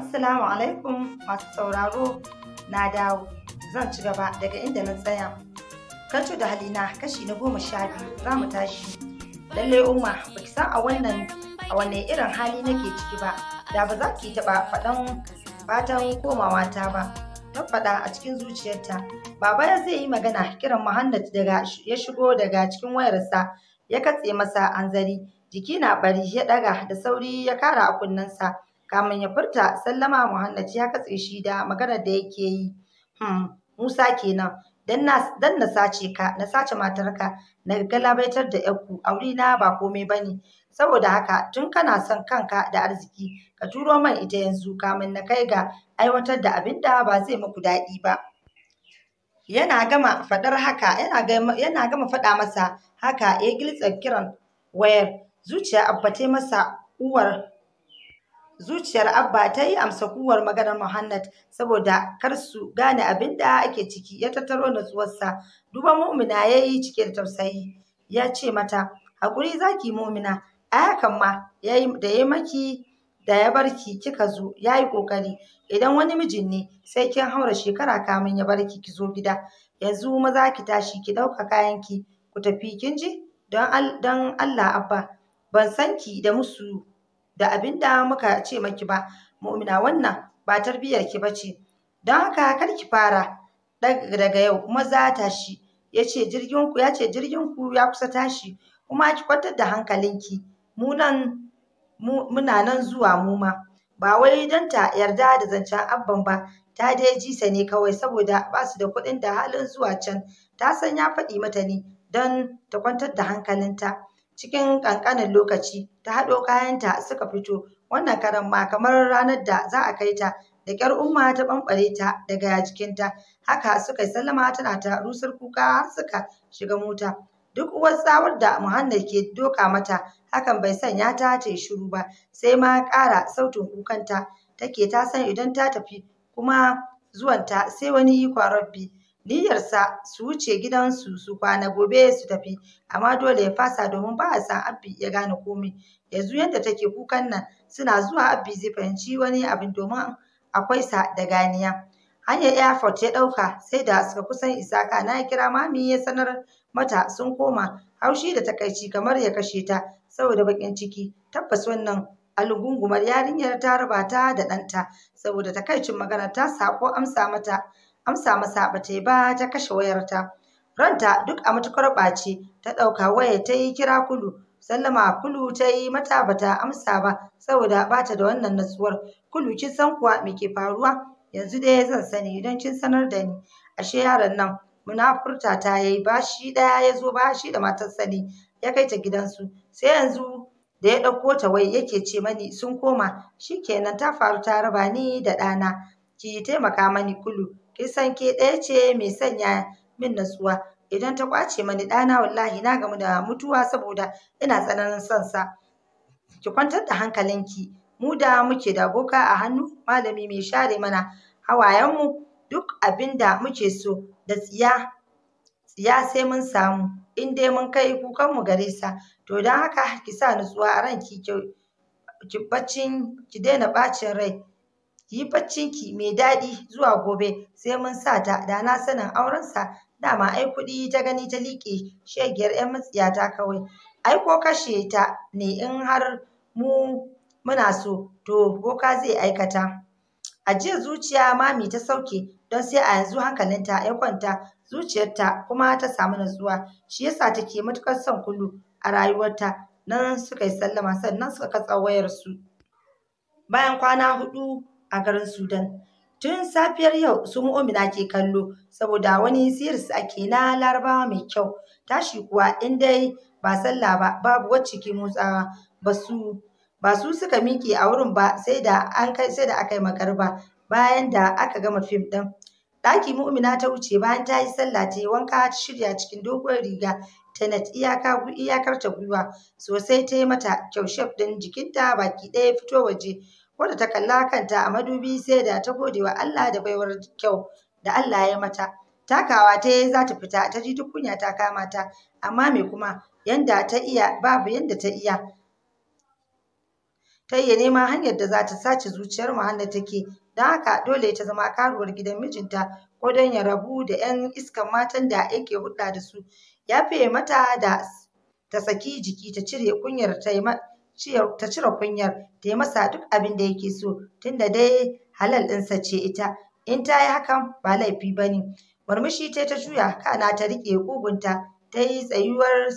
Assalamu alaikum masu sauraro na dawo zan ci gaba daga inda na tsaya. Kacu da halina kashi na goma sha biyu za mu tashi. Lalle umma ba ki san a wannan a wanne irin hali nake ciki ba da ba za ki taɓa faɗan fatan komawa ta ba. Ta faɗa a cikin zuciyarta. Baba ya zai yi magana kiran Muhammad daga ya shigo daga cikin wayarsa ya katse masa anzari. Jiki na bari ya ɗaga da sauri ya kara a kunnensa. kamin ya furta sallama Muhammad ya katse shi da maganar da yake yi hmm Musa kenan dan na dan na sace ka na sace matarka na galabaitar da yakku aure na ba komai bane saboda haka tun kana son kanka da arziki ka turo man ita yanzu kamin na kai ga aiwatar da abin da ba zai muku daɗi ba yana gama fadar haka yana yana gama faɗa masa haka ya giltsa kiran wayar zuciya abbatai masa uwar zuciyar abba ta yi amsa kuwar maganar muhannad saboda kar su gane abin da ake ciki ya tattaro natsuwarsa Duba mu'mina ya yi cike da tausayi ya ce mata hakuri zaki mu'mina a hakan ma da ya maki da ya barki kika zo ya yi ƙoƙari idan wani mijin ne sai kin haura shekara kamin ya barki ki zo gida yanzu maza ki tashi ki ɗauka kayanki ku tafi kin ji don Allah abba ban san ki da musu da abin da muka ce maki ba mu'mina wannan ba tarbiyar ki bace don haka kar ki fara daga yau maza tashi shi yace jirgin ku yace jirgin ku ya kusa tashi kuma ki kwantar da hankalinki mu nan muna nan zuwa mu ma ba wai don ta yarda da zancen abban ba ta dai jisa ne kawai saboda ba su da kuɗin da halin zuwa can ta san ya faɗi mata ne don ta kwantar da hankalinta cikin ƙanƙanin lokaci ta haɗo kayanta suka fito wannan karan ma kamar ranar da za a kai ta da ƙyar umma ta ɓamɓare ta daga jikinta haka suka yi sallama tana ta rusar kuka har suka shiga mota duk uwar tsawar da muhannad ke doka mata hakan bai sanya ta ta yi shiru ba sai ma ƙara sautin kukanta take ta san idan ta tafi kuma zuwanta sai wani kwarabbi niyyarsa su wuce gidansu su kwana gobe su tafi amma dole ya fasa domin ba a san abbi ya gane komai yanzu yadda take kukan nan suna zuwa abbi zai fahimci wani abin domin akwai sa da ganiya hanyar airport ya ɗauka sai da suka kusan isa kana ya kira mami ya sanar mata sun koma haushi da takaici kamar ya kashe ta saboda bakin ciki tabbas wannan alugungumar yarinyar ta raba ta da ɗanta saboda takaicin magana ta sako amsa mata amsa masa ba ta yi ba ta kashe wayarta ranta duk a matukar ɓaci ta ɗauka waya ta yi kira kulu sallama kulu ta yi mata ba ta amsa ba saboda ba ta da wannan natsuwar kulu kin san kuwa me ke faruwa yanzu dai zan sani don kin sanar da ni ashe yaron nan munafurta ta yayi bashi ɗaya ya zo bashi da matar sani ya kai ta gidansu sai yanzu da ya ɗauko ta wai yake ce mani sun koma Shi kenan ta faru ta raba ni da ɗana ki taimaka mani kulu kisan ke ɗaya ce mai sanya min natsuwa idan ta kwace mani ɗana wallahi na gamu da mutuwa saboda ina tsananin son sa ki kwantar da hankalinki mu da muke da boka a hannu malami mai share mana hawayenmu duk abin da muke so da tsiya tsiya sai mun samu in dai mun kai kukanmu gare sa to don haka ki sa nutsuwa a ranki ki baccin ki daina bacin rai ki yi ki mai daɗi zuwa gobe sai mun sa ta da na sanin aurensa dama ai kuɗi ta gani ta liƙe shegiyar 'yan matsiyata kawai ai ko kashe ta ne in har mu muna so to boka zai aikata a jiya zuciya mami ta sauke don sai a yanzu hankalinta ya kwanta zuciyarta kuma ta samu natsuwa shi yasa take matukar son kullu a rayuwarta nan suka yi sallama sannan suka katsa wayarsu bayan kwana hudu a garin Sudan. Tun safiyar yau su mu'umina ke kallo saboda wani siris ake na larabawa mai kyau. Tashi kuwa in dai ba sallah ba babu wacce ke motsawa ba su ba su suka miƙe a wurin ba sai da kai sai aka yi magarba bayan da aka gama fim ɗin. Ɗaki mu'mina ta wuce bayan ta yi sallah ta yi wanka ta shirya cikin dogon riga ta na iyaka iyakar ta gwiwa sosai ta yi mata kyau shef ɗin jikinta baki ɗaya fito waje Ko ta kalla kanta a madubi sai da ta gode wa Allah da baiwar kyau da Allah ya mata. Takawa ta yi za ta fita ta ji duk kunyata ta kama ta amma me kuma yanda ta iya babu yanda ta iya. Ta iya neman hanyar da za ta sace zuciyar Muhanna take don haka dole ta zama karuwar gidan mijinta ko don ya rabu da 'yan iskan matan da yake hulɗa da su. Ya fiye mata da ta saki jiki ta cire kunyar ta yi ta cire kunyar ta yi masa duk abin da yake so tunda dai halal ɗinsa ce ita in ta yi hakan ba laifi ba ne murmushi ta ta juya kana ta riƙe ƙugunta ta yi tsayuwar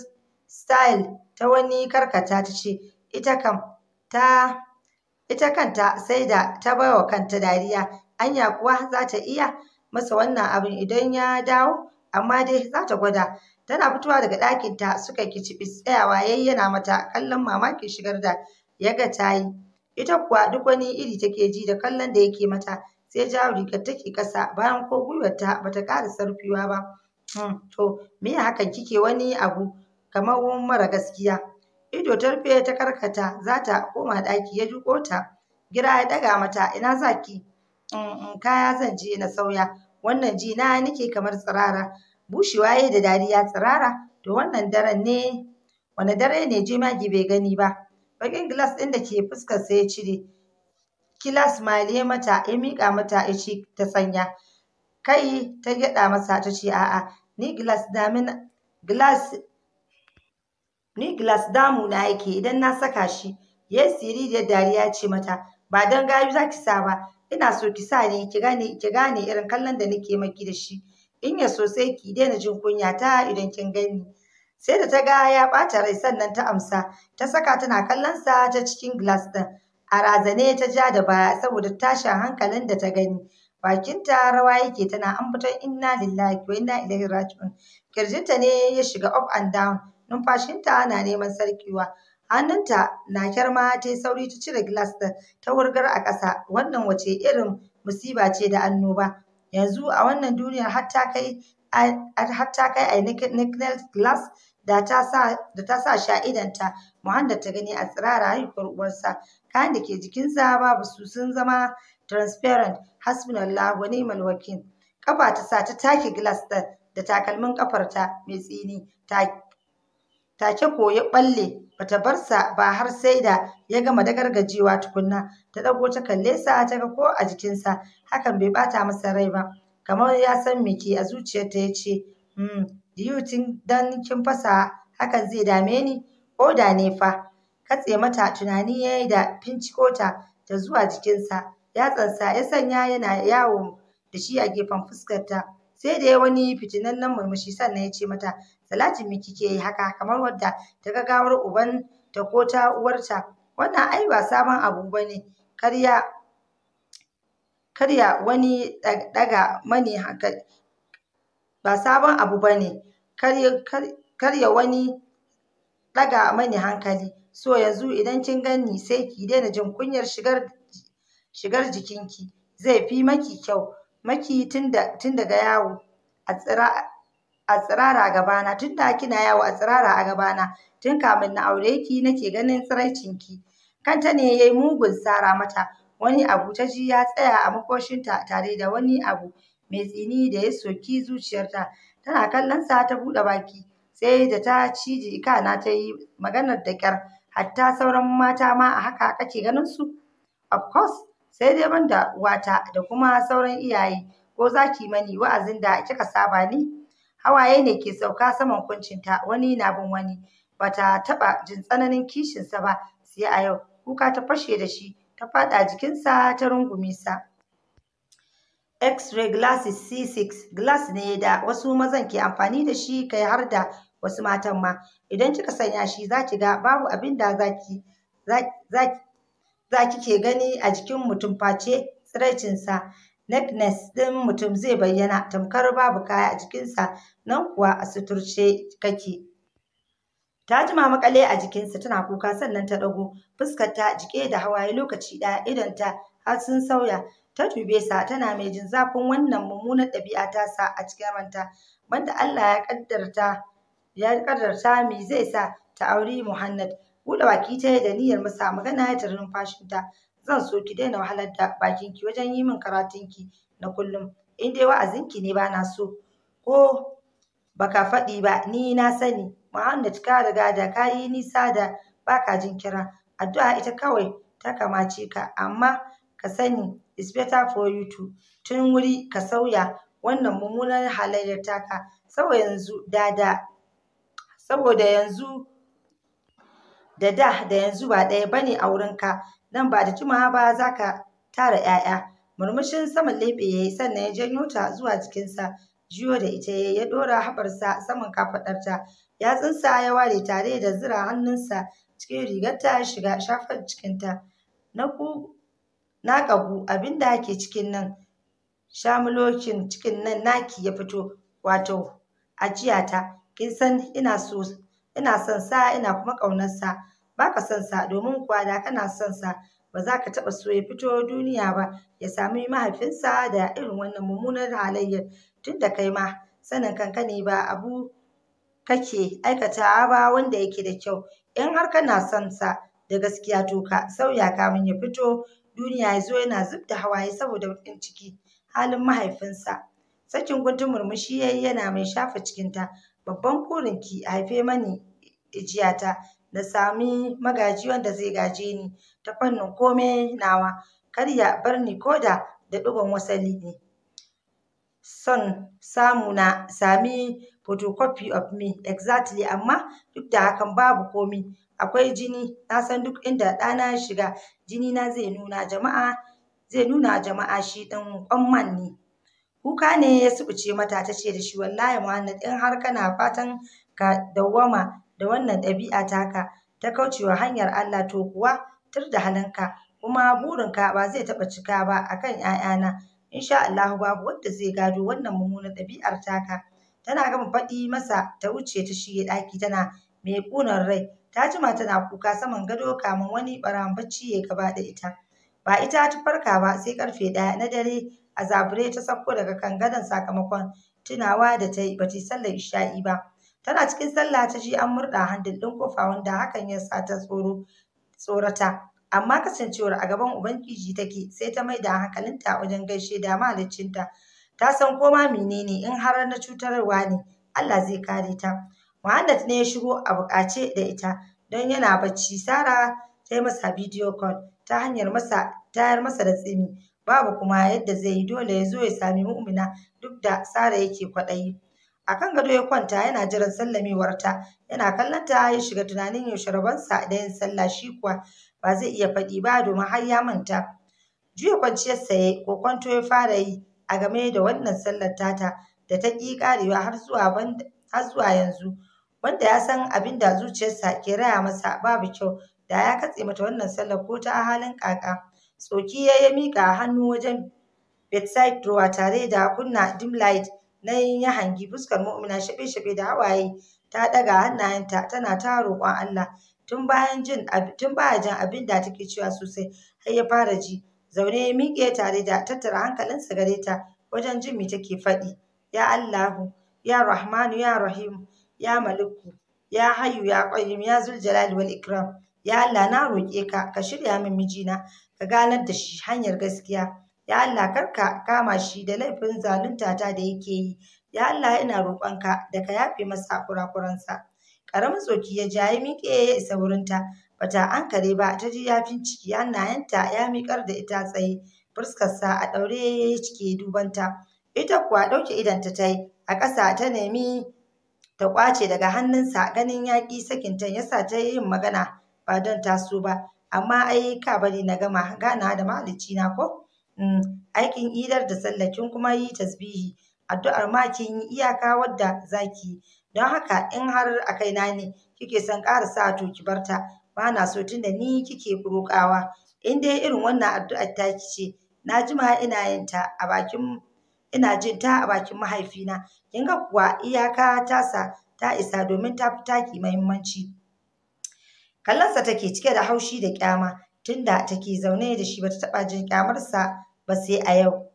style ta wani karkata ta ce ita kanta sai da ta baiwa kanta dariya anya kuwa za ta iya masa wannan abin idan ya dawo amma dai za ta gwada tana fitowa daga ɗakinta suka kicibis tsayawa yayi yana mata kallon mamakin shigar da ya ga ta yi ita kuwa duk wani iri take ji da kallon da yake mata sai jawo rigar take ƙasa bayan ko gwiwarta ta ƙara sarfiwa ba hmm, to me hakan kike wani abu kamar mara gaskiya ido ta rufe ta karkata za ta koma ɗaki ya duƙo ta gira ya ɗaga mata ina zaki mm, mm, kaya zan je na sauya wannan ji na nake kamar tsirara bushewa yayi da dariya tsirara to wannan daren ne wani dare ne jemage bai gani ba bakin gilas ɗin da ke fuskar sa ya cire kilas male mata ya miƙa mata ya ce ta sanya kai ta gyaɗa masa ta ce a'a ni gilas damin gilas ni gilas damu na yake idan na saka shi yayi siri da dariya ce mata ba don gayu za ki sa ba ina so ki sa ni ki gane ki gane irin kallon da nake maki da shi in ya sosai ki daina jin kunya ta idan kin gani sai da ta ga ya bata rai sannan ta amsa ta saka tana kallon sa ta cikin glass din a razane ta ja da baya saboda tashin hankalin da ta gani bakinta rawa yake tana ambaton inna lillahi wa inna ilaihi raji'un kirjinta ne ya shiga up and down numfashinta na neman sarkewa Hannunta na kyarma ta yi sauri ta cire gilas ɗin ta wurgar a ƙasa. Wannan wace irin musiba ce da annoba. Yanzu a wannan duniyar har ta kai a yi glass da ta sa sha'idanta idanta ta gani a tsirara haihuwar uwarsa. Kayan da ke jikinsa babu su sun zama transparent hasbunallah wani malwakin Kafa ta sa ta take glass ɗin da takalmin kafarta mai tsini ta take ko ya balle bata bar sa ba har sai da ya gama dagargajewa tukunna ta dago ta kalle sa ta ga ko a jikinsa hakan bai bata masa rai ba kamar ya san me ke a zuciyarta ya ce hmm do you think dan kin fasa hakan zai dame ni oda ne fa katse mata tunani yayi da finciko ta da zuwa jikinsa yatsansa ya sanya yana yawo da shi a gefen fuskarta sai da ya wani nan murmushi sannan ya ce mata salati me kike yi haka kamar wadda ta ga gawar uban ta ko ta uwarta wannan ai ba sabon abu bane karya karya wani ɗaga mani hankali ba sabon abu bane karya karya wani daga mani hankali so yanzu idan kin gani sai ki daina jin kunyar shigar shigar jikinki zai fi maki kyau maki tun daga yawo a tsira a tsirara a gabana tun da kina yawo a tsirara a gabana tun kamin na aure ki nake ganin tsiraicin tsiraicinki kanta ne yayi mugun sara mata wani abu ta ji ya tsaya a makoshinta tare da wani abu mai tsini da ya soki zuciyarta tana kallon sa ta buɗe baki sai da ta cije kana ta yi maganar da kyar hatta sauran mata ma a haka kake ganin su of course sai dai banda wata da kuma sauran iyaye ko zaki mani wa'azin da kika saba ni? hawaye ne ke sauka saman ta wani na bin wani bata taɓa jin tsananin kishinsa ba sai a yau kuka ta fashe da shi ta faɗa jikinsa ta rungume sa x-ray glasses c6 glass ne da wasu mazan ke amfani da shi kai har da wasu matan ma idan kika sanya shi za ki ga babu abin da zaki za ki ke gani a jikin mutum face tsiraicinsa Lateness ɗin mutum zai bayyana tamkar babu kaya a jikinsa nan kuwa a suturce kake. Ta jima makale a jikinsa tana kuka sannan ta ɗago ta jike da hawaye lokaci ɗaya idonta har sun sauya ta tube sa tana mai jin zafin wannan mummunar ɗabi'a ta sa a cikin ranta banda Allah ya kaddarta ya kaddarta me zai sa ta auri Muhammad buɗe baki ta da niyyar masa magana ya tare numfashinta zan so ki daina wahalar da ki wajen yi min karatunki na kullum in dai wa'azinki ne bana so ko baka faɗi ba ni na sani Muhammad ka riga da ka yi nisa da baka jin kira addu'a ita kawai ta kamace ka amma ka sani it's better for you to tun wuri ka sauya wannan mummunar halayyar taka saboda yanzu da da saboda yanzu da da yanzu ba ɗaya bane a wurinka nan ba da jimawa ba za ka tara 'ya'ya murmushin saman leɓe ya yi sannan ya janyo ta zuwa jikinsa jiyo da ita ya ɗora haɓarsa saman kafaɗarta yatsunsa ya ware tare da zira hannunsa cikin rigarta ya shiga shafar cikinta na ƙagu abinda ke cikin nan shamulokin cikin nan naki ya fito wato ajiyata kin san ina so ina son sa ina kuma ƙaunarsa ba ka son sa domin kuwa da kana son sa ba za ka taɓa so ya fito duniya ba ya sami mahaifinsa da irin wannan mummunar halayyar tun da kai ma sanin kanka ne ba abu kake aikata ba wanda yake da kyau in har kana son sa da gaskiya to ka sauya kamin ya fito duniya ya zo yana zub da hawaye saboda baƙin ciki halin mahaifinsa sakin guntun murmushi yayi yana mai shafa cikinta babban kurinki haife mani ijiyata na sami magaji wanda zai gaje ni ta fannin komai nawa kar ya bar ni ko da da ɗigon wasali ne son samu na sami photocopy of me exactly amma duk da hakan babu komi akwai jini na san duk inda ɗana shiga jini na zai nuna jama'a zai nuna jama'a shi ɗin ƙwamman ne kuka ne ya subuce mata ta ce da shi wallahi Muhammad in har kana fatan ka dawwama da wannan ɗabi'a taka ta kaucewa hanyar Allah to kuwa tur da halinka kuma burinka ba zai taɓa cika ba akan ‘ya'yana insha Allahu babu wanda zai gado wannan mummunan ɗabi'ar taka tana gama faɗi masa ta wuce ta shige ɗaki tana mai ƙunar rai ta jima tana kuka saman gado kamin wani ɓaran bacci ya gaba da ita ba ita ta farka ba sai karfe ɗaya na dare a zabure ta sauko daga kan gadon sakamakon tunawa da ta yi ba ta yi sallar isha'i ba tana cikin sallah ta ji an murɗa handil ɗin kofa wanda hakan ya sa ta tsoro tsorata amma kasancewar a gaban ubangiji take sai ta maida hankalinta wajen gaishe da mahaliccinta ta san koma menene in har na cutarwa ne Allah zai kare ta Muhammad ne ya shigo a buƙace da ita don yana bacci Sara ta yi masa video call ta hanyar masa tayar masa da tsimi babu kuma yadda zai yi dole ya zo ya sami mu'mina duk da Sara yake kwaɗayi a kan gado ya kwanta yana jiran sallamewarta yana kallonta ya shiga tunanin yaushe rabonsa da yin sallah shi kuwa ba zai iya faɗi ba domin har ya manta juya kwanciyar saye ko kwanto ya fara yi a game da wannan sallar tata da ta ƙi ƙarewa har zuwa yanzu wanda ya san abin da zuciyarsa ke raya masa babu kyau da ya katse mata wannan sallar ko ta halin ƙaƙa, tsoki ya yi miƙa hannu wajen bedside drawer tare da kunna dim light nan ya hangi fuskar mu'mina shaɓe-shaɓe da hawaye ta ɗaga hannayenta tana ta roƙon Allah tun bayan jin tun baya jin abin da take cewa sosai har ya fara ji zaune ya miƙe tare da tattara hankalinsa gare ta wajen jin me take faɗi ya Allahu ya Rahmanu ya Rahim ya Maliku ya Hayyu ya Qayyum ya Zul Jalali wal Ikram ya Allah na roƙe ka ka shirya min mijina ka ganar da shi hanyar gaskiya ya Allah kar ka kama shi da laifin zalunta ta da yake yi ya Allah ina roƙonka da ka yafe masa kurakuransa karamin tsoki ya ja ya miƙe ya isa wurinta bata ankare ba ta ji yafin ciki hannayenta ya miƙar da ita tsaye fuskarsa a ɗaure ya cike dubanta ita kuwa ɗauke idanta ta yi a ƙasa ta nemi ta ƙwace daga hannunsa ganin yaƙi sakinta ya sa ta yin magana ba don taso ba amma ai ka bari na gama gana da mahalicci na ko Mm, aikin idar da sallakin kin kuma yi tasbihi addu'ar ma kin yi iyaka wadda zaki yi don haka in har a kaina ne kike son ƙara sa to ki barta ba na so tunda ni kike roƙawa in dai irin wannan addu'ar taki ce na jima ina yin ta a bakin ina jin ta a bakin mahaifina kin ga kuwa iyaka sa ta isa domin ta fi taki muhimmanci kallonsa take cike da haushi da kyama tunda take zaune da shi bata taɓa jin kyamarsa ba sai a yau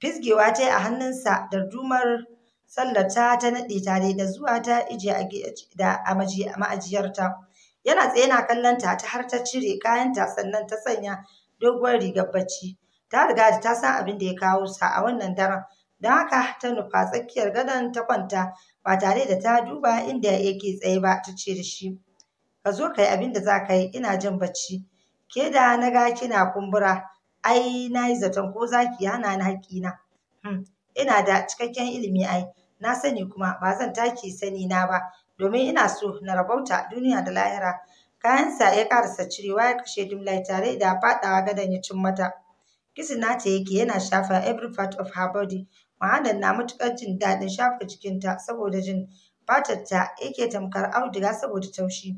fisgewa ta yi a hannunsa da dumar sallar ta ta naɗe ta dai da zuwa ta ije a ma'ajiyarta yana tsaye na kallon ta ta har ta cire kayanta sannan ta sanya doguwar rigar bacci ta riga da ta san abin da ya kawo sa a wannan daren don haka ta nufa tsakiyar gadon ta kwanta ba tare da ta duba inda yake tsaye ba ta ce da shi ka zo ka yi abin da za ka yi ina jin bacci ke da na ga kina kumbura ai na yi zaton ko za ki hana ni hakki na? Hmm, ina da cikakken ilimi ai na sani kuma ba zan take sani na ba domin ina so na rabauta duniya da lahira kayansa ya karasa cirewa ya kashe dimlai tare da faɗawa gadon ya cin mata kisin ta yake yana shafa every part of her body ma'adan na matuƙar jin daɗin shafa jikinta saboda jin fatar ta yake tamkar auduga saboda taushi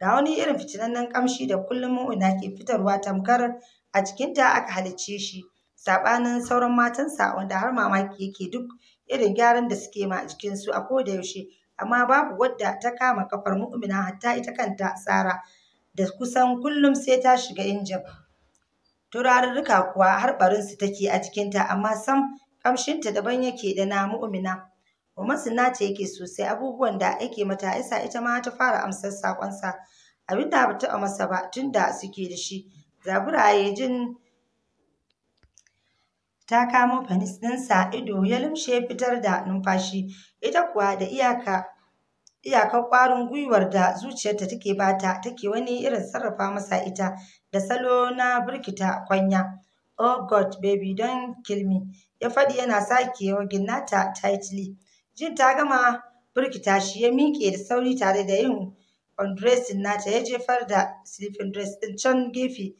ga wani irin fitinannen ƙamshi da kullum mu'una ke fitarwa tamkar a jikinta aka halicce shi saɓanin sauran matansa wanda har mamaki yake duk irin gyaran da suke ma a jikinsu a koda yaushe amma babu wadda ta kama kafar mu'mina hatta ita kanta tsara da kusan kullum sai ta shiga injin turarurruka kuwa har barinsu take a jikinta amma sam kamshinta daban yake da na mu'mina kuma Sinna ce yake sosai abubuwan da yake mata isa ita ma ta fara amsar saƙonsa. abin da ba taɓa masa ba tun da suke da shi zabiraye jin ta kamo fanis ɗinsa ido ya lumshe fitar da numfashi ita kuwa da iyaka iyakar ƙwarin gwiwar da zuciyarta take bata take wani irin sarrafa masa ita da salo na birkita kwanya oh god baby don kilmi ya faɗi yana sake yawagin nata tightly jin ta gama birkita shi ya miƙe da sauri tare da yin undressing nata ya jefar da sleeping dress ɗin can gefe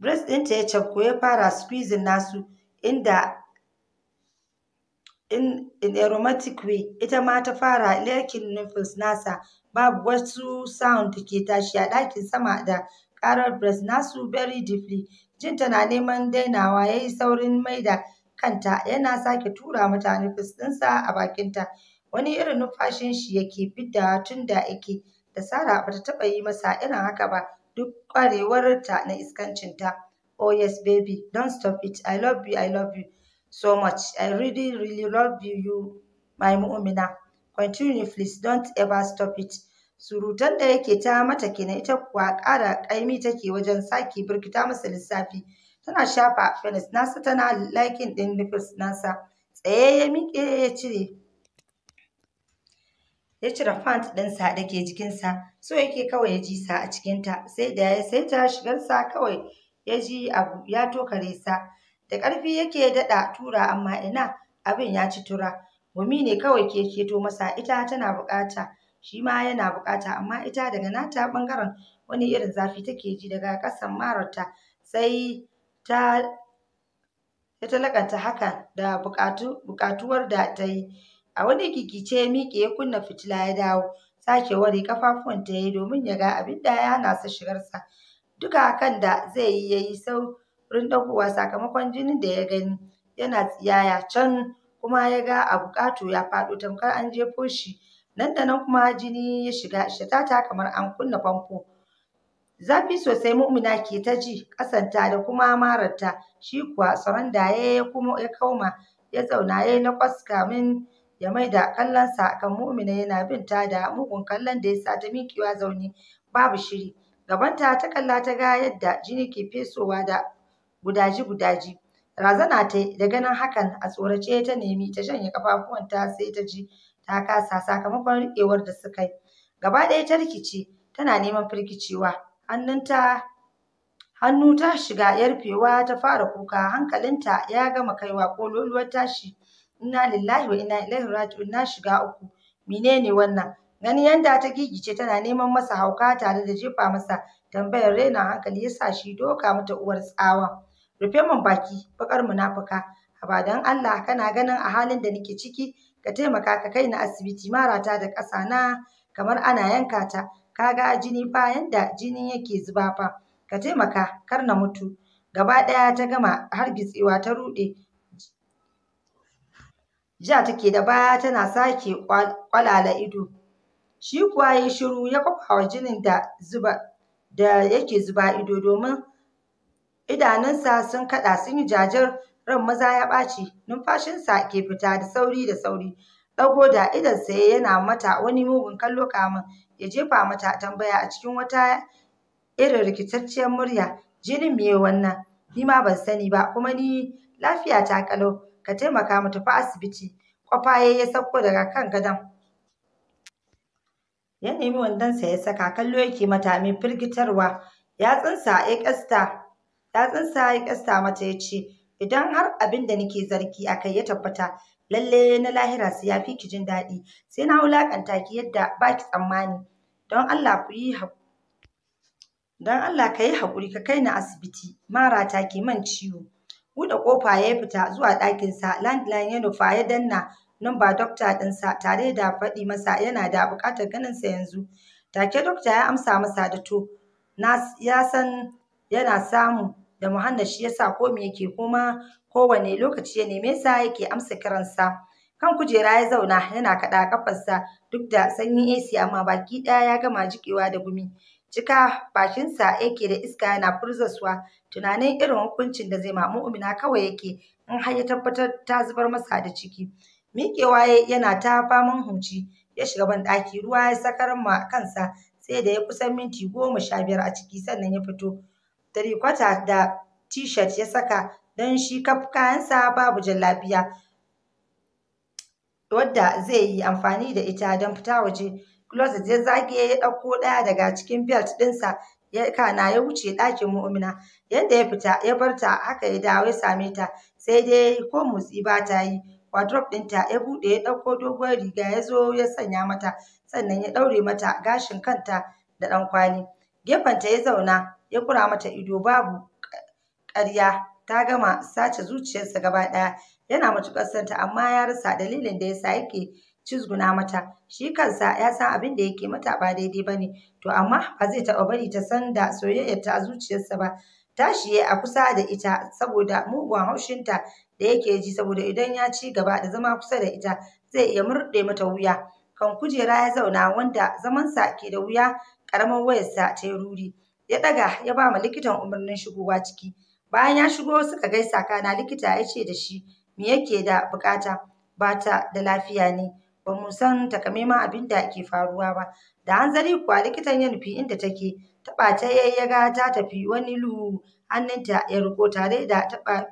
Breast ɗinta ya cafku ya fara squeezing nasu inda in, aromatic way. Ita ma ta fara licking nipples nasa. Babu wasu sound da ke tashi a ɗakin sama da ƙarar breast nasu very deeply. Jin tana neman dainawa ya yi saurin da kanta yana sake tura mata nipples ɗinsa a bakinta. Wani irin numfashin shi yake fidda tun da yake da Sara ba ta taɓa yi masa irin haka ba. duk ta na iskancinta. Oh yes baby, don't stop it. I love you, I love you so much. I really, really love you, you my mu'mina. Continue please, don't ever stop it. Surutan da yake ta mata kenan ita kuwa ƙara ƙaimi take wajen sake birkita masa lissafi. Tana shafa fenis nasa tana liking ɗin nufis nasa. Tsaye ya miƙe ya cire ya cire pant ɗinsa da ke jikinsa so yake kawai ya ji sa a cikinta sai da ya sai ta shigarsa kawai ya ji abu ya tokare sa da ƙarfi yake daɗa tura amma ina abin ya ci tura gumi ne kawai ke keto masa ita tana buƙata shi ma yana buƙata amma ita daga nata ɓangaren wani irin zafi take ji daga ƙasan mararta sai ta ta talakanta haka da buƙatuwar da ta yi A wani rikice ya miƙe ya kunna fitila ya dawo, sake ware kafafuwan ta yayi domin ya ga abin da ya hana su shigarsa. Duka kan da zai yi ya yi saurin dagowa sakamakon jinin da ya gani yana tsiyaya can kuma ya ga abu ƙato ya faɗo tamkar an jefo shi. Nan da nan kuma jini ya shiga shatata kamar an kunna famfo. Zafi sosai Mu'mina ke ta ji ƙasanta da kuma mararta, shi kuwa da ya ya kuma ya kauma ya zauna ya na kwas kamin ya maida kallonsa kan Mumina yana bin ta da mugun kallon da ya sa ta miƙewa zaune babu shiri. Gabanta ta kalla ta ga yadda jini ke fesowa da gudaji-gudaji. Razana ta da ganin hakan a tsorace ta nemi ta shanye ta sai ta ji ta kasa sakamakon riƙewar da suka yi. Gaba ɗaya ta rikice tana neman firgicewa hannunta hannu ta shiga yarfewa ta fara kuka hankalinta ya gama kaiwa ƙololuwar tashi inna lillahi wa inna ilaihi raji'un na shiga uku menene wannan gani yanda ta gigice tana neman masa hauka tare da jefa masa tambayar raina hankali yasa shi doka mata uwar tsawa rufe min baki bakar munafuka haba dan Allah kana ganin a halin da nake ciki ka taimaka ka kai na asibiti marata da ƙasa na kamar ana yanka ta kaga jini fa yanda jini yake zuba fa ka taimaka kar na mutu gaba ɗaya ta gama hargitsewa ta ruɗe ja take da baya tana sake kwalala ido shi kuwa ya shiru ya kwafawa jinin da zuba da yake zuba ido domin idanunsa sun kaɗa sun yi jajar ran maza ya ɓaci numfashinsa ke fita da sauri da sauri ɗago da idonsa yana mata wani mugun kallo kamun ya jefa mata tambaya a cikin wata irin rikitacciyar murya jinin me wannan Nima ban sani ba kuma ni lafiya ta kalau ka taimaka mu tafi asibiti kwafa ya sauko daga kan gadon ya nemi wandonsa ya saka kallo yake mata mai firgitarwa ya tsinsa a ya kasta mata ya ce idan har abin da nake zargi a kai ya tabbata lalle na lahira su ya fi ki jin daɗi sai na wulaƙanta ki yadda ba ki tsammani don Allah ku yi don Allah ka yi haƙuri ka kai ni asibiti mara ta ke man ciwo buɗe ƙofa ya fita zuwa ɗakinsa landline ya nufa ya danna numba dokta ɗinsa tare da faɗi masa yana da buƙatar sa yanzu take dokta ya amsa masa da to ya san yana samu da muhanna shi yasa ko me yake kuma kowane lokaci ya neme sa yake amsa kiransa kan kujera ya zauna yana kaɗa kafarsa duk da sanyin AC amma baki ɗaya ya gama jikewa da gumi cika bakinsa yake da iska yana furzaswa tunanin irin hukuncin da zai mamu mu'mina kawai yake in har ya tabbatar ta zubar masa da ciki miƙewa yana ta faman huci ya shiga ban ɗaki ruwa ya sakar ma kansa sai da ya kusan minti goma sha biyar a ciki sannan ya fito tarikwata da t-shirt ya saka don shi kaf kayansa babu lafiya. wadda zai yi amfani da ita don fita waje closet ya zagaye ya ɗauko ɗaya daga cikin belt ɗinsa ya kana ya wuce ɗakin mu'mina yadda ya fita ya bar ta haka ya dawo ya same ta sai dai ko motsi ba ta yi wardrobe ɗinta ya buɗe ya ɗauko doguwar riga ya zo ya sanya mata sannan ya ɗaure mata gashin kanta da ɗan kwali gefenta ya zauna ya kura mata ido babu ƙarya ta gama sace zuciyarsa gaba ɗaya yana matuƙar santa amma ya rasa dalilin da yasa yake cizguna mata shi kansa ya san abin da yake mata ba daidai ba ne to amma ba zai taɓa bari ta san da soyayyarta a zuciyarsa ba ta shiye a kusa da ita saboda mugun haushinta da yake ji saboda idan ya ci gaba da zama kusa da ita zai iya murɗe mata wuya kan kujera ya zauna wanda zamansa ke da wuya ƙaramar wayarsa ta yi ruri ya ɗaga ya ba ma likitan umarnin shigowa ciki bayan ya shigo suka gaisa kana likita ya ce da shi me yake da bukata ba ta da lafiya ne ba mu san takamaiman abin da ke faruwa ba da hanzari kuwa likitan ya nufi inda take taɓa ta yayi ga ta tafi wani luhu hannunta ya riko tare da taɓa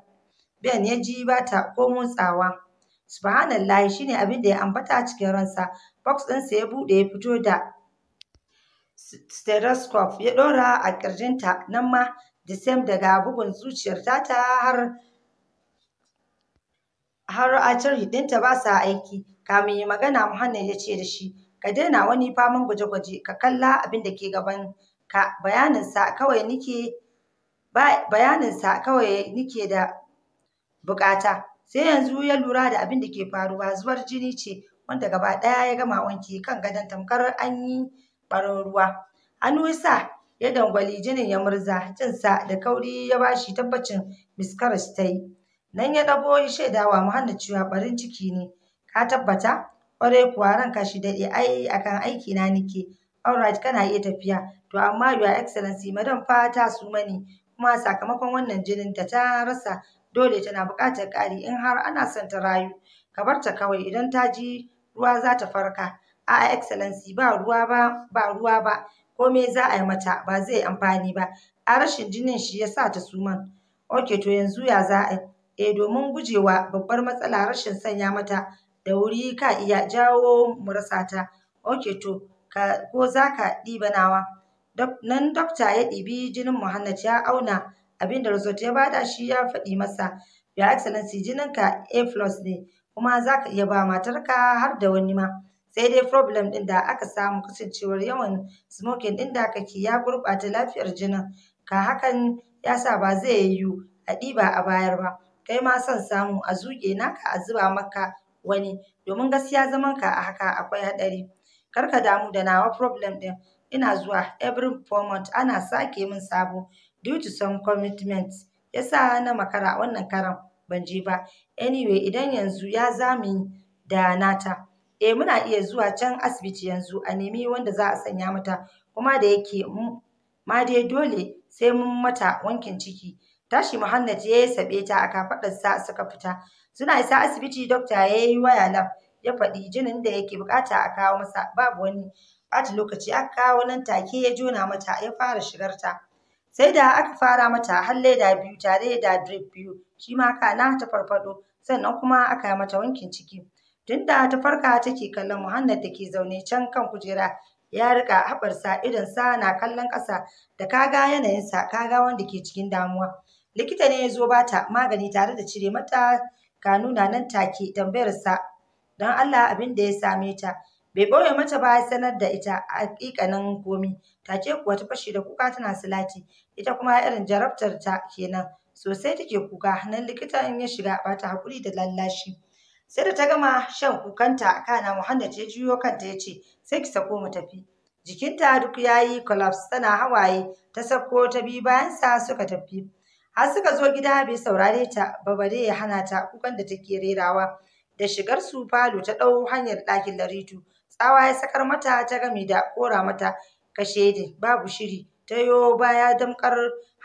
ben ya ji ba ta ko motsawa subhanallah shine abin da ya ambata cikin ransa box ɗinsa ya buɗe ya fito da stethoscope ya ɗora a ƙirjinta nan ma same daga bugun zuciyar Ta har har a ɗinta ba sa aiki Kamin yi magana Muhammad ya ce da shi ka daina wani faman gwaje-gwaje ka kalla abin da ke gaban ka bayaninsa kawai nike bayaninsa kawai nike da bukata sai yanzu ya lura da abin da ke faruwa zuwar jini ce wanda gaba ɗaya ya gama wanki kan gadon tamkar an yi barin ruwa an sa ya dangwali jinin ya murza jinsa da kauri ya bashi tabbacin miskaras ta yi nan ya ɗago ya shaidawa muhammad cewa barin ciki ne Ka tabbata? Ƙwarai kuwa ranka shi daɗe ai akan aiki na nike. Alright kana iya tafiya. To amma your excellency madam fata ta suma ne kuma sakamakon wannan jinin ta ta rasa dole tana buƙatar ƙari in har ana son ta rayu. Ka bar ta kawai idan ta ji ruwa za ta farka. A'a excellency ba ruwa ba ba ruwa ba komai za a yi mata ba zai amfani ba. A rashin jinin shi ya sa ta suman. Ok to yanzu ya za a yi? Eh domin gujewa babbar matsala rashin sanya mata da wuri ka iya jawo mu rasa ta. Ok to ka ko za ka ɗiba nawa. Nan dokta ya ɗibi jinin Muhannad ya auna Abinda da result ya bada shi ya faɗi masa. Ya Excellency ka A plus ne kuma zaka iya ba matarka har da wani ma. Sai dai problem ɗin da aka samu kasancewar yawan smoking ɗin da kake ya gurɓata lafiyar jinin. Ka hakan ya sa ba zai yiwu a ɗiba a bayar ba. Kai ma son samu a zuƙe naka a zuba maka wani domin gaskiya zaman ka a haka akwai haɗari. Kar ka damu da nawa problem ɗin ina zuwa every four months ana sake min sabo due to some commitments yasa na makara wannan karan ban je ba. Anyway idan yanzu ya zami da nata? Eh muna iya zuwa can asibiti yanzu a nemi wanda za a sanya mata kuma da yake mu ma dai dole sai mun mata wankin ciki. Tashi Muhannad ya yi saɓe ta a kafaɗarsa suka fita. suna isa asibiti dokta ya yi waya lab ya faɗi jinin da yake bukata a kawo masa babu wani ɓata lokaci aka kawo nan take ya jona mata ya fara shigar ta sai da aka fara mata har leda biyu tare da drip biyu shi ma kana ta farfado sannan kuma aka yi mata wankin ciki tunda ta farka take kallon muhannad da ke zaune can kan kujera ya rika haɓarsa sa na kallon ƙasa da kaga yanayinsa kaga wanda ke cikin damuwa likita ne ya zo bata magani tare da cire mata nuna nan take tambayarsa don Allah abin da ya same ta bai ɓoye mata ba ya sanar da ita a ƙiƙanin komi take kuwa ta fashe da kuka tana silati ita kuma irin jarabtar ta kenan sosai take kuka nan likitan ya shiga ba ta haƙuri da lallashi sai da ta gama shan kukanta kana Muhammad ya juyo kanta ya ce sai ki sako mu tafi jikinta duk ya yi collapse tana hawaye ta sako ta bi bayansa suka tafi har suka zo gida bai saurare ta ba bare ya hana ta kukan da take rerawa da shigar su falo ta ɗau hanyar ɗakin laritu tsawa ya sakar mata ta gami da kora mata kashe din, babu shiri ta yo baya damkar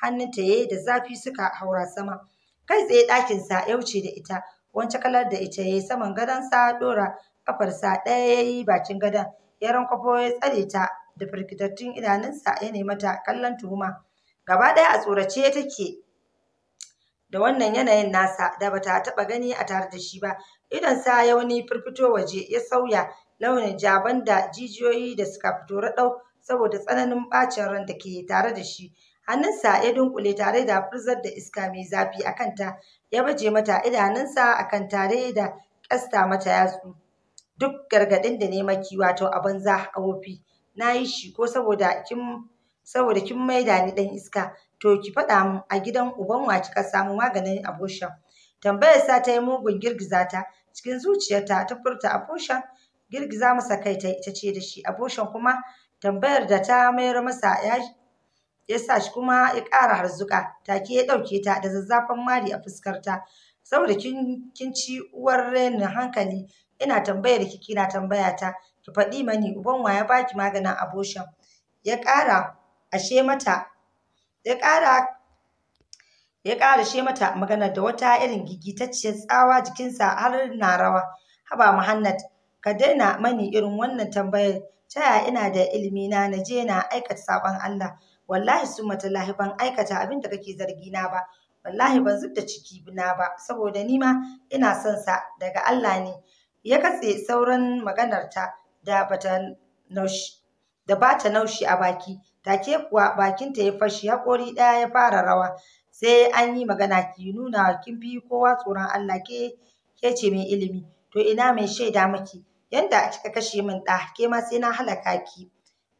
ta yayi da zafi suka haura sama kai tsaye ɗakin sa ya wuce da ita wancan kalar da ita yayi saman gadon sa dora kafar sa ɗaya yayi bakin gadon ya rankwafo ya tsare ta da firkitattun idanunsa ya nemi mata kallon tuhuma gaba ɗaya a tsorace take da wannan yanayin nasa da bata taɓa gani a tare da shi ba sa ya wani firfito waje ya sauya launin jaban da jijiyoyi da suka fito raɗau saboda tsananin bacin ran da ke tare da shi hannunsa ya dunkule tare da furzar da iska mai zafi a kanta ya baje mata idanunsa a kan tare da ƙyasta mata yatsu duk gargadin da nema ki wato a banza a wofi na yi shi ko saboda kin saboda kin maida ni dan iska to ki faɗa mu a gidan uban wa kika samu maganin abushan tambayar sa ta yi mugun girgiza ta cikin zuciyarta ta furta abushan girgiza masa kai ta ita ce da shi abushan kuma tambayar da ta mayar masa ya ya sa shi kuma ya ƙara harzuka ke ya ɗauke ta da zazzafan mari a fuskarta saboda kin ci uwar rainin hankali ina tambayar ki kina tambaya ta ki faɗi mani uban wa ya baki maganin abushan ya ƙara ashe mata ya ƙara ya mata magana da wata irin gigitacciyar tsawa jikinsa har na rawa haba muhannad ka daina mani irin wannan tambayar ta yaya ina da ilimi na na je na aikata sabon Allah wallahi mata lahi ban aikata abin da kake zargi na ba wallahi ban zubda ciki na ba saboda ni ma ina son sa daga Allah ne ya katse sauran maganarta da bata naushi a baki take kuwa bakinta ya fashi haƙori ɗaya ya fara rawa sai an yi magana ki nuna kin fi kowa tsoron Allah ke ke ce mai ilimi to ina mai shaida miki yanda kika kashe min ɗa ke ma sai na halaka ki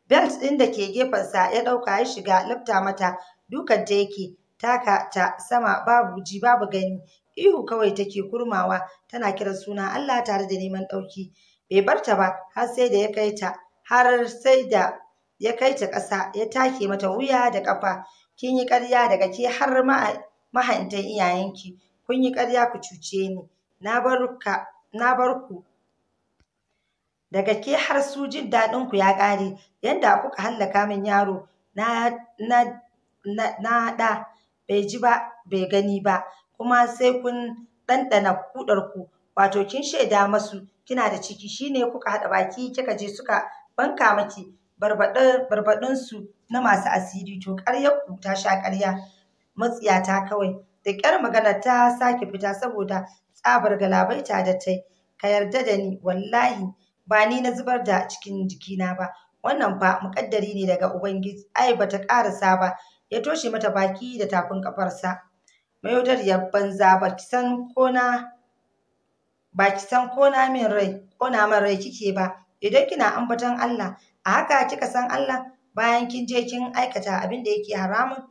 belt ɗin da ke gefensa ya ɗauka ya shiga lafta mata dukan ta yake taka ta sama babu ji babu gani ihu kawai take kurmawa tana kiran suna Allah tare da neman ɗauki bai barta ba har sai da ya kai ta har sai da ya kai ta ƙasa ya take mata wuya da ƙafa kin yi ƙarya daga ke har mahantan iyayenki kun yi ƙarya ku cuce ni na bar ku daga ke har su jin daɗin ku ya ƙare yadda kuka hallaka min yaro na na na ɗa bai ji ba bai gani ba kuma sai kun ɗanɗana kuɗarku. wato kin shaida masu kina da ciki shine kuka haɗa baki kika je suka banka maki barbaɗinsu na masu asiri to ku ta sha ƙarya matsiyata kawai da ƙyar magana ta sake fita saboda tsabar galabai ta da tai ka yarda da ni wallahi ba ni na zubar da cikin jikina ba wannan fa muƙaddari ne daga ubangiji ai bata ƙarasa ba ya toshe mata baki da tafin ƙafarsa mayaudariyar banza ba ki san kona ba min rai kona min rai kike ba idan kina ambaton Allah a haka kika san Allah bayan kin je kin aikata abin da yake haramun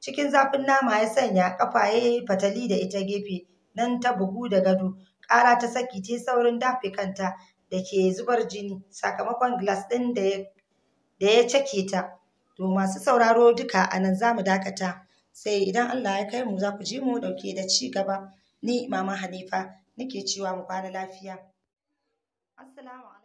cikin zafin nama ya sanya ƙafaye fatali da ita gefe nan ta bugu da gado ƙara ta saki ta saurin dafe kanta da ke zubar jini sakamakon glass ɗin da ya cake ta to masu sauraro duka anan zamu dakata sai idan Allah ya kai mu za ku ji mu ɗauke da ci gaba ni mama Hanifa nake cewa mu kwana lafiya assalamu